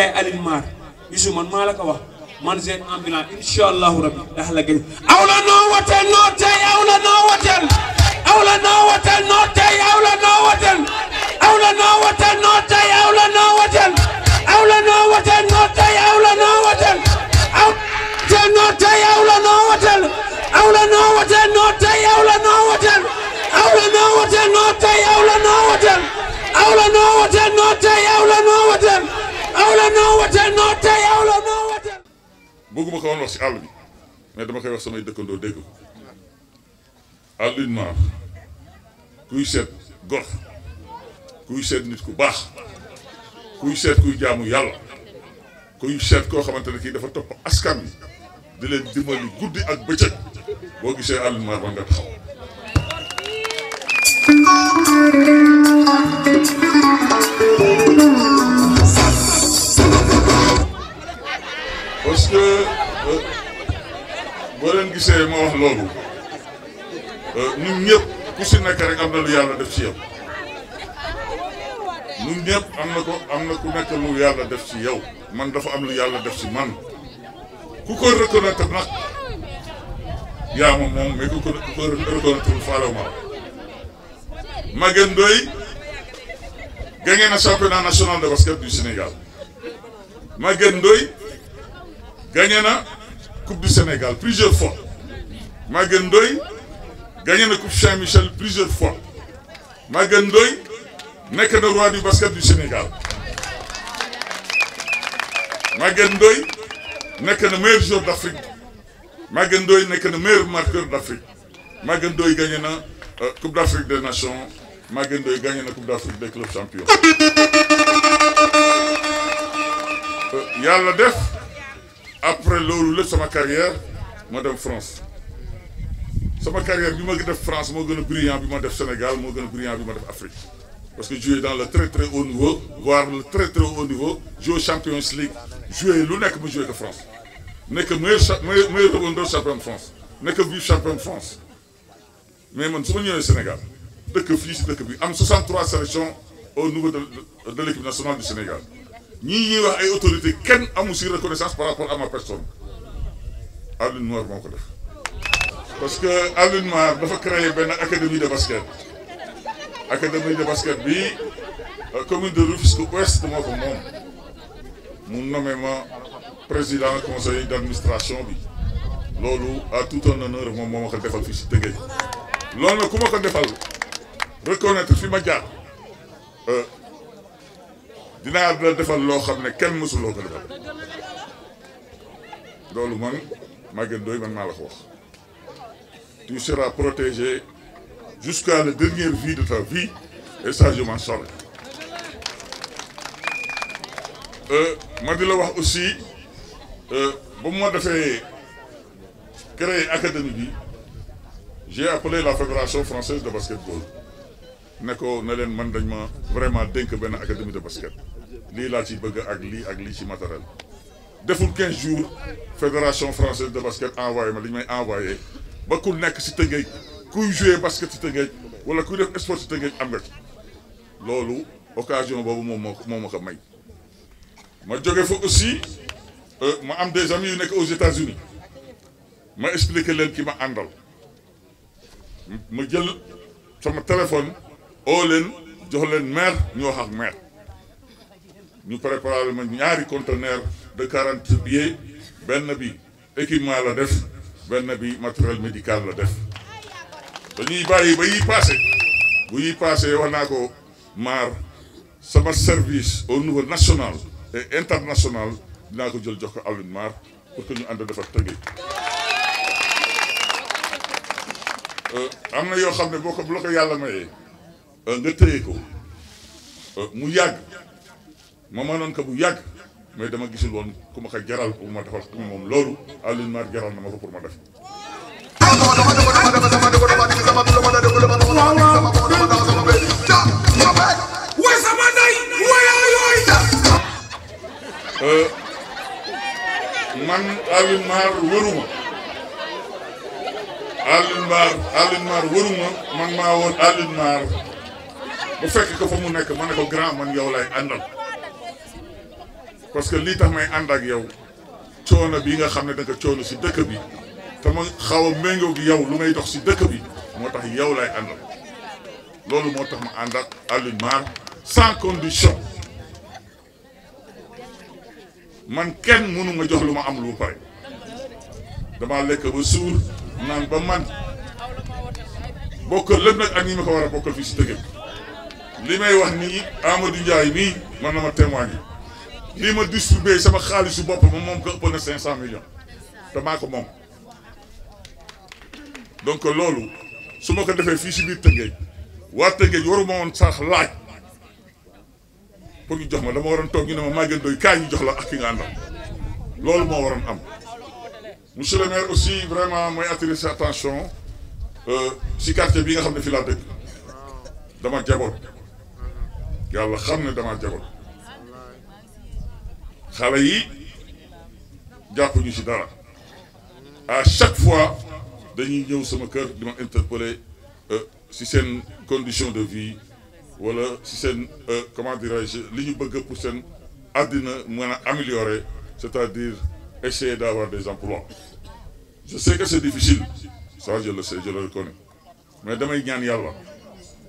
Ndiaye Alioune Mar bisu man maa la ko wax man seen ambulance incha allahu rabi ndax la gën aw la noo woteel noo tey aw la noo woteel aw la noo woteel noo tey aw la noo woteel aw la noo woteel noo tey aw la noo woteel aw la noo woteel noo tey aw la noo woteel aw te noo tey aw la noo woteel aw la noo woteel noo tey aw la noo woteel te yow la wax si àll bi mais dama koy wax samay dëkkandoo dégg ko Alioune Mar kuy seet gor kuy seet nit ku baax kuy seet kuy jaamu yàlla kuy seet koo xamante ne kii dafa topp askan wi di leen dimbali guddi ak bëccëg boo gisee Alioune Mar war nga taxaw. parce que euh, boo leen gisee ma wax loolu euh, ñun ñëpp ku si nekk rek am na lu yàlla def ci yow ñun ñëpp am na ko am na ku nekk lu yàlla def ci yow man dafa am lu yàlla def ci man ku ko reconnaître nag yaa ma moom mais ku ko ku ko reconnaître faalewu ma Maguette Ndoye gagné national de basket du Sénégal Maguette gagné la coupe du Sénégal plusieurs fois Magendoy. gagné la coupe Saint-Michel plusieurs fois Magendoy. n'est que le roi du basket du Sénégal Magendoy. n'est que le meilleur joueur d'Afrique Magendoy. n'est que le meilleur marqueur d'Afrique Magendoy. gagné gagné la euh, coupe d'Afrique des nations Magendoy. gagné la coupe d'Afrique des clubs champions euh, Yalla def après l'eau de ma carrière ma France ma carrière je suis en France je suis en brillant je suis def Sénégal je suis en brillant Afrique parce que je jouer dans le très très haut niveau voire le très très haut niveau jouer Champions League jouer lu nekk je jouer en France Je suis le meilleur champion de France le vice champion de France mais suis suis venu au Sénégal suis venu si dëkk bi am 63 sélections au niveau de l'équipe nationale du Sénégal. Ni ay autorité ken reconnaissance par rapport à ma personne parce que Noire Mar dafa créer une académie de basket académie de basket bi euh, commune de Rufisque Ouest Mon président conseil d'administration, bi à tout un honneur mon defal reconnaître fi euh, dinaa la defal loo xam ne kenn mësuloo le defal loolu man Maguette Ndoye man maa la ko tu seras protégé jusqu'à la dernière vie de ta vie et ça je m'en sors euh, ma di la wax aussi euh, ba ma defee créer académie bi j'ai appelé la fédération française de basketball ne ko ne leen man dañ ma vraiment dénk benn académie de basket lii laa ci bëgg ak lii ak lii ci matériel deful 15 jours fédération française de basket envoyé ma li may envoyé ba nekk ci Tëngéej kuy jouer basket ci Tëngéej wala kuy def sport ci Tëngéej am nga ci loolu occasion boobu moom moo moo ma ko may. ma jóge fa aussi euh, ma am des amis yu nekk aux États-Unis ma expliquer leen ki ma àndal ma jël sama téléphone. oo leen jox leen maire ñu wax ak maire ñu préparé ma ñaari conteneur de quarante billets benn bi équipement la def benn bi matériel médical la def dañuy bàyyi ba yi passé bu yi passé wax naa ko maar sama service au niveau national et international dinaa ko jël jox ko Alioune Mar pour que ñu ànd defar tëggee euh, na yoo xam yàlla nga tëye ko mu yàgg ma mënoon ko bu yàgg mais dama gisul woon ku ma ko jaral pour ma defal xam moom loolu Alioune Mar jaral na ma ko pour ma def. way sama ndey waya yooyu man Alioune Mar wëruma Alioune Mar Alioune Mar wëruma man maa woon Alioune Mar bu fekk ko fa mu nekk ma ne ko grand man yow lay àndal parce que lii tax may ànd ak yow coono bi nga xam ne da nga coono si dëkk bi te ma xaw a méngoog yow lu may dox si dëkk bi moo tax yow lay àndal loolu moo tax ma ànd ak Mar sans condition man kenn mënu ma jox lu ma am lu pare dama lekk ba suur naan ba man bokkal lépp nag ak ñi ma ko war a bokkal fii si dëkk li may wax nii Amadou Ndiaye mii man na ma témoigner li ma distribué sama xaalisu bopp ma moom ko ëppal na cinq cent millions te maa ko moom donc loolu su ma ko defee fii si biir Tëngéej waa Tëngéej waruma woon sax laaj pour ñu jox ma dama waroon toog ñu ne ma Maguette Ndoye kaay ñu jox la ak ki nga àndal loolu moo waroon am monsieur le aussi vraiment mooy attirer sa attention euh, si quartier bi nga xam ne fi laa dëkk dama jaboot yalla xam dama damaa jagoon xale yi jàppuñu ci dara à chaque fois dañuy ñëw sama kër di ma interpeller euh, ci seen condition de vie wala ci seen euh, comment dirais-je li ñu bëgg pour seen adina mën a améliorer c'est-à-dire essayer d'avoir des emplois je sais que c'est difficile ça je le sais je le reconnais mais damay ñaan yàlla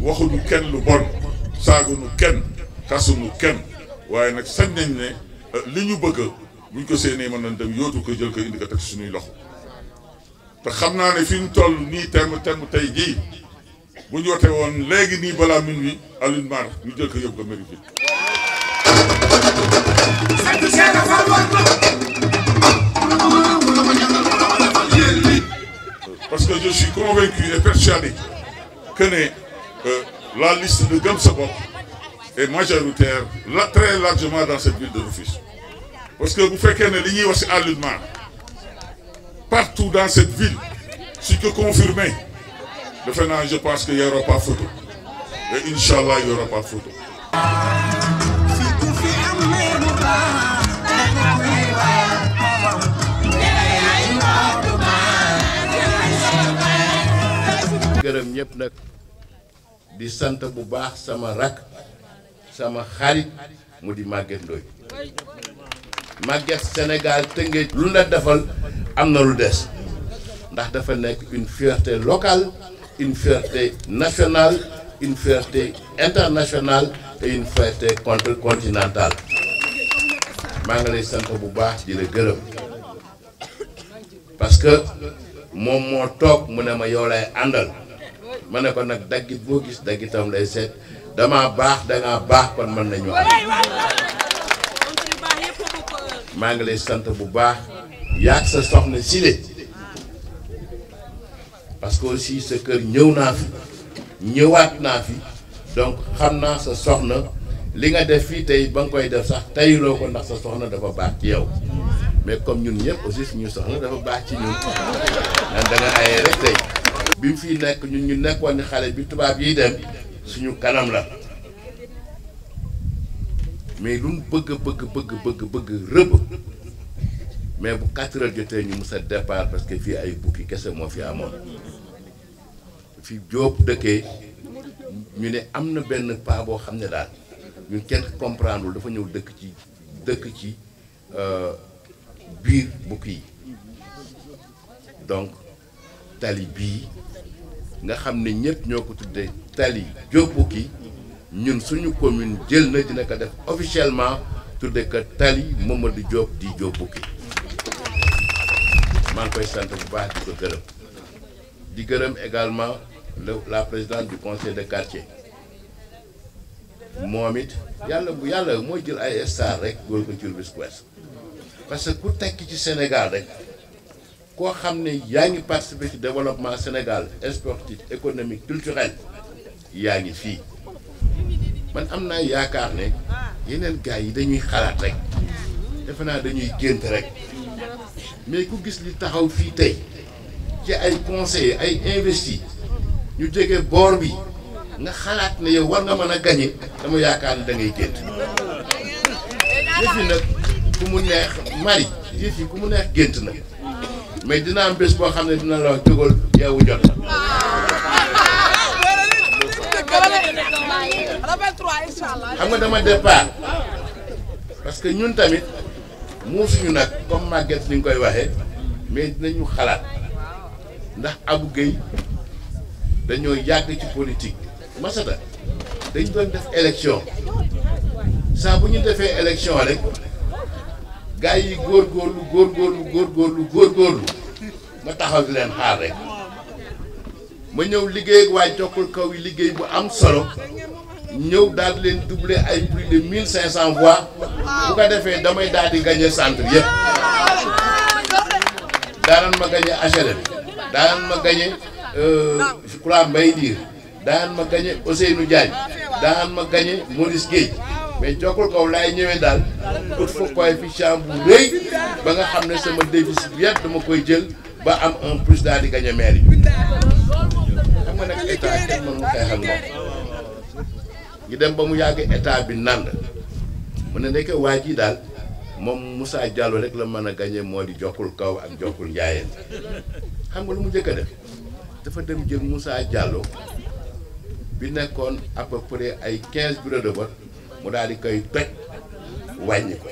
waxuñu kenn lu bon saagunu kenn xasunu kenn waaye nag sañ nañ ne li ñu bëgg buñ ko séenee mën nañ dem yootu ko jël ko indi ko teg suñuy loxo te xam naa ne fi ñu toll nii terme terme tey jii bu ñu wote woon léegi nii balaa minuit Alioune Mar ñu jël ko yóbbu ko mairie bi. Parce que je suis convaincu et persuadé que Euh, la liste de Gamsabok est majoritaire, là, très largement dans cette ville de l'office. Parce que vous faites est ligne aussi à l'humain. Partout dans cette ville, ce que confirmé, le je pense qu'il n'y aura pas photo. Et Inch'Allah, il n'y aura pas photo. di sant bu baax sama rakk sama xarit mu di màgget Ndoye Maguette Sénégal Tëngéej lu la defal am na lu des ndax dafa nekk une fierté locale une fierté nationale une fierté internationale maa ngi lay sant bu baax di la gërëm parce que moom moo toog mu ne ma yow lay àndal ma ne ko nag daggit boo gis daggitam lay seet dama baax dangaa baax kon mën nañu wax maa ngi lay sant bu baax yaag sa soxna Sile parce que aussi sa kër ñëw naa fi ñëwaat naa fi donc xam naa sa soxna li nga def fii tey ba nga koy def sax teyuloo ko ndax sa soxna dafa baax ci yow mais comme ñun ñëpp aussi suñu soxna dafa baax ci ñun nan da nga ayee rek tey bi fi pas ñun ñu bi tubaab mais lu bëgg bëgg bëgg mais bu quatre heures jotee ñu y a départ parce que fii ay bukki kese moo fi amoon fi Jóob dëkkee ñu ne daal comprendre dafa euh, donc tali bii nga xam ne ñëpp ñoo ko tuddee tali Diopouki ñun suñu commune jël na dina ko def officiellement tuddee ko tali Mamadou Diop di Diopouki maa ngi koy sant bu baax di ko gërëm di gërëm également la président du conseil de quartier moom it yàlla bu yàlla mooy jël ay star rek góor ko ci Rufisque Ouest parce que ku tekk ci Sénégal rek. ko xamné yaangi participer ci développement Sénégal sportif économique culturel yaangi fi fii man am naa yaakaar ne yeneen yi dañuy xalat rek defe naa dañuy gënt rek mais ku gis li taxaw fi tay ci ay conseillers ay investis ñu jege bor bi nga xalat ne yow war nga mëna gagner dama yaakar da ngay gënt yëf nak ku mu neex mari yëf ku mu neex gënt nak mais dinaa am boo xam ne dina la wax jógal yeewu jot xam nga dama départ parce que ñun tamit muusuñu nag comme Maguette ni nga koy waxee mais dinañu xalaat ndax Abou Gueye dañoo yàgg ci politique masata dañ doon def élection saa bu ñu defee élection rek gaa yi góorgóorlu góorgóorlu góorgóorlu góorgóorlu ma taxaw leen xaar rek ma ñëw liggéey ak waa Jokkal kaw yi liggéey bu am solo ñëw daal leen doubler ay plus de mille cinq cent voix bu ko defee damay daal di gagné centre yëpp daanan ma gagné HLM daanan ma gagné euh, je crois Mbaye Ndiir daanan ma gagné Ousseynou Diagne daanan ma gagné Maurice Guèye mais jokkul kaw laay ñëwee daal pour fa coefficient bu rëy ba nga xam ne sama déficit bi yàgg dama koy jël ba am un plus daal di gagné maire yi xam nga nag ak moom dem ba mu yàgg état bi nand mu ne ndeke waa ji daal moom Moussa Diallo rek la mën a gagné moo di jokkul kaw ak jokkul njaayeen xam nga lu mu njëkk a def dafa dem jël Moussa Diallo bi nekkoon à peu près ay quinze bureaux de vote mu daal di koy toj wàññi ko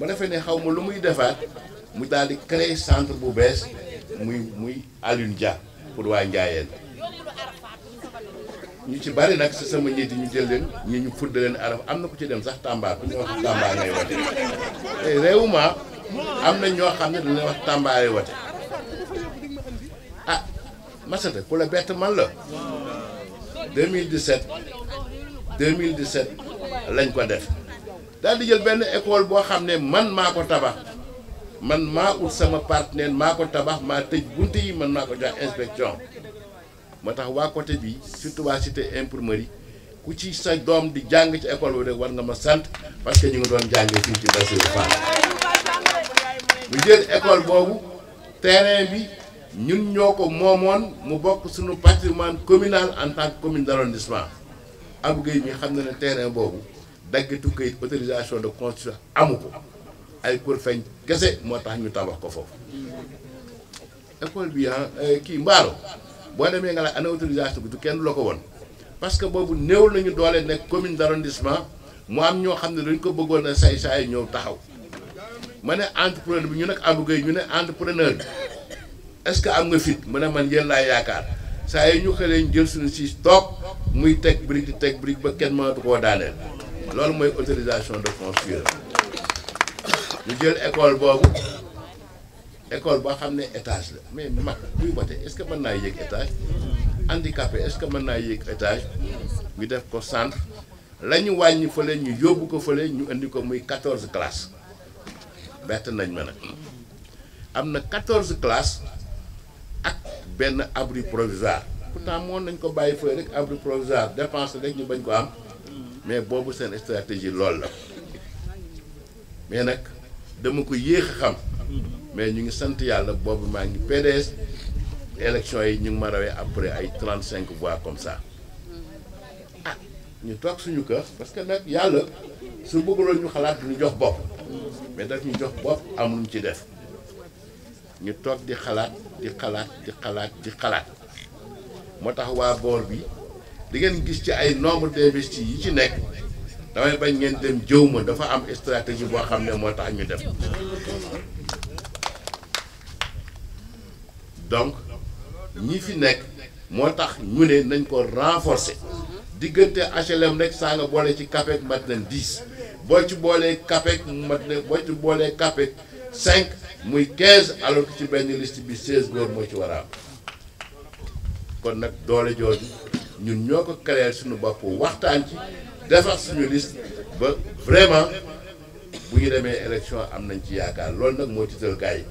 ba defee ne xaw ma lu muy defaat mu daal di centre bu bees muy muy Alioune Dia pour waa Njaayeen ñu ci bari nag si sama njiit yi ñu jël leen ñu ñu fudd leen araf am na ku ci dem sax Tamba ku ñuy wax Tamba ngay wote te réewuma am na ñoo xam ne dañuy wax Tamba ay wote ah Massata ku la bett man la 2017 2017 lañ ko def daal di jël benn école boo xam ne man maa ko tabax man maa ut sama partenaire maa ko tabax maa tëj bunte yi man maa ko jox inspection moo tax waa côté bi surtout waa cité ku ci sa doom di jàng ci école boobu de war nga ma sant parce que ñu ngi doon jàngee fii ci Bassirou Fall mu jël école boobu terrain bi ñun ñoo ko moomoon mu bokk suñu patrimoine communal en tant que commune d' am Abou Gueye mi xam na ne terrain boobu daggitu kayit autorisation de construire amu ko ay pour feeñ gese moo tax ñu tabax ko foofu école bi ah eh, kii mbaalo boo demee nga laaj ana autorisation bi du kenn loo ko woon parce que boobu néew lañu doole nekk commune d'arrondissement mu am ñoo xam ne dañ ko bëggoon a say saay ñëw taxaw ma ne entrepreneur bi ñu nekk amu Gueye ñu ne entrepreneur bi est-ce que am nga fit mu ne man yéen laa yaakaar saa yi ñu xëlee jël suñu siis toog muy teg brique di teg brique ba kenn mënatu koo daaneel loolu moy autorisation de construire ñu jël école bobu école ba xamné étage la mais mag buy boté est-ce que mën naa yéeg étage handicapé est-ce que mën naa étage ñu def ko centre lañu wañi wàññi fële ñu yóbbu ko fële ñu indi ko muy 14 classes bet nañ ma nak amna 14 quatorze classes ak ben abri provisoire pourtant moon nañ ko bàyyi fële rek abri provisoire dépense rek ñu bañ ko am mais boobu seen stratégie lool la mais nag dama ko yéex a xam mais ñu ngi sant yàlla boobu maa ngi PDS élection yi ñu ngi ma rawee après ay trente cinq voix comme ça ah ñu toog suñu kër parce que nag yàlla su bëgguloon ñu xalaat du ñu jox bopp mais daf ñu jox bopp am lu ci def ñu toog di xalaat di xalaat di xalaat di xalaat moo tax waa boor bi di ngeen gis ci ay nombre d'investis yi ci nekk damay bañ ngeen dem jëw ma dafa am stratégie boo xam ne moo tax ñu dem donc ñi fi nekk moo tax ñu ne nañ ko renforcer diggante HLM rek saa nga boole ci CAPEC mat ne 10 boo ci boolee CAPEC mat na ci boolee CAPEC 5 muy 15 alors que ci benn liste bi 16 góor moo ci war a am kon nag doole jooju. ñun ñoo ko créer suñu bopp waxtaan ci defar suñu liste ba vraiment bu ñu demee élection am nañ ci yaakaar loolu nag moo tiital gars yi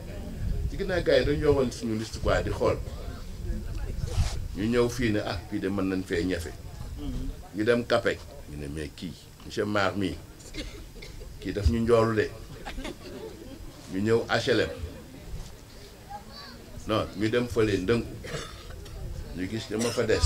ci ginnaaw gars yi dañu yoxoon suñu liste quoi di xool ñu ñëw fii ne ak ah, fii de mën nañ fee ñafe ñu dem Kapek ñu ne mais kii monsieur maar mii kii daf ñu njoolu de ñu ñëw HLM non ñu dem fële ndënku ñu gis dama fa des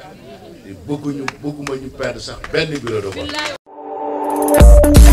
bëgguñu bëgguma ñu perdre sax benn bureau de vote